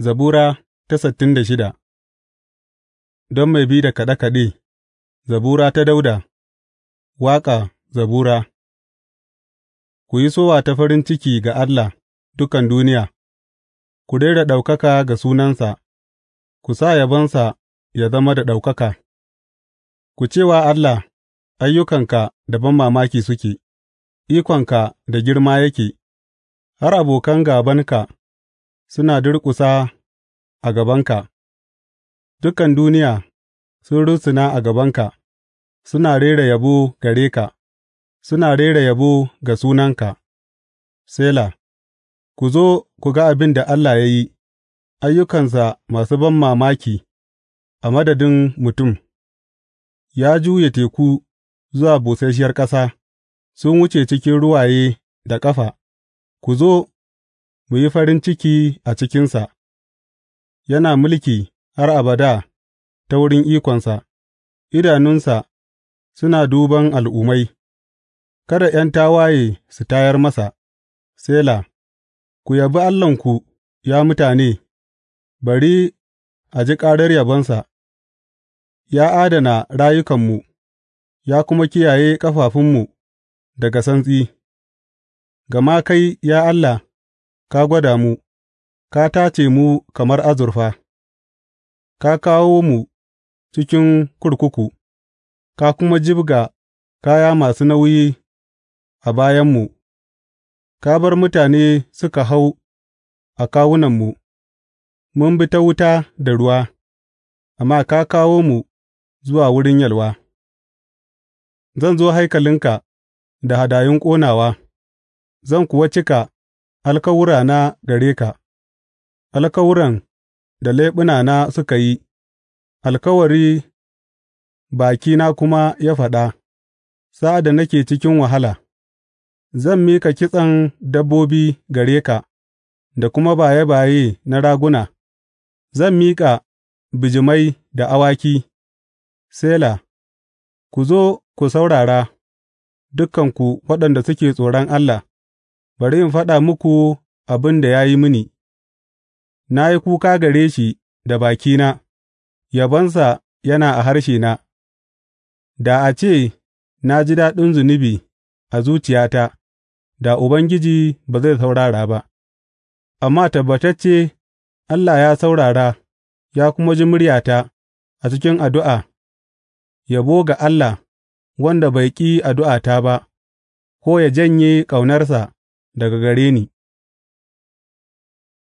Zabura ta sittin da shida Don mai bi da kaɗe-kaɗe, Zabura ta Dauda, Waƙa Zabura Ku yi sowa ta farin ciki ga Allah, dukan duniya, ku rera ɗaukaka ga sunansa, ku sa yabonsa ya zama da ɗaukaka, ku ce wa Allah, ayyukanka da ban mamaki suke, ikonka da girma yake, har abokan gabanka suna durƙusa a gabanka; dukan duniya sun rusuna a gabanka suna rera yabo gare ka, suna rera yabo ga sunanka, Sela Ku zo ku ga abin da Allah ya yi, ayyukansa masu ban mamaki a madadin mutum; ya juya teku zuwa busasshiyar ƙasa, sun wuce cikin ruwaye da ƙafa, ku zo. mu yi farin ciki a cikinsa, yana mulki har abada ta wurin ikonsa, idanunsa suna duban al'ummai, kada ’yan tawaye su tayar masa, Sela, ku yabi Allahnku, ya mutane, bari a ji ƙarar yabonsa, ya adana rayukanmu, ya kuma kiyaye ƙafafunmu daga santsi, gama kai, ya Allah, ka gwada mu, ka tace mu kamar azurfa, ka kawo mu cikin kurkuku, ka kuma jibga kaya masu nauyi a bayanmu, ka bar mutane suka hau a kawunanmu, mun bi ta wuta da ruwa, amma ka kawo mu zuwa wurin yalwa. Zan zo haikalinka da hadayun ƙonawa, zan kuwa cika alkawurana gare ka, alkawuran da leɓunana suka yi, alkawari bakina kuma ya faɗa, sa'ad da nake cikin wahala, zan mika kitson dabbobi gare ka da kuma baye baye na raguna, zan mika bijimai da awaki, Sela, ku zo ku saurara, dukanku waɗanda suke tsoron Allah. Bari in faɗa muku abin da ya yi mini; na yi kuka gare shi da bakina, yabonsa yana a harshe na. da a ce na ji daɗin zunubi a zuciyata, da Ubangiji ba zai saurara ba, amma tabbatacce Allah ya saurara ya kuma ji muryata a cikin addu'a, yabo ga Allah, wanda bai ƙi addu'ata ba ko ya janye ƙaunarsa. daga gare ni.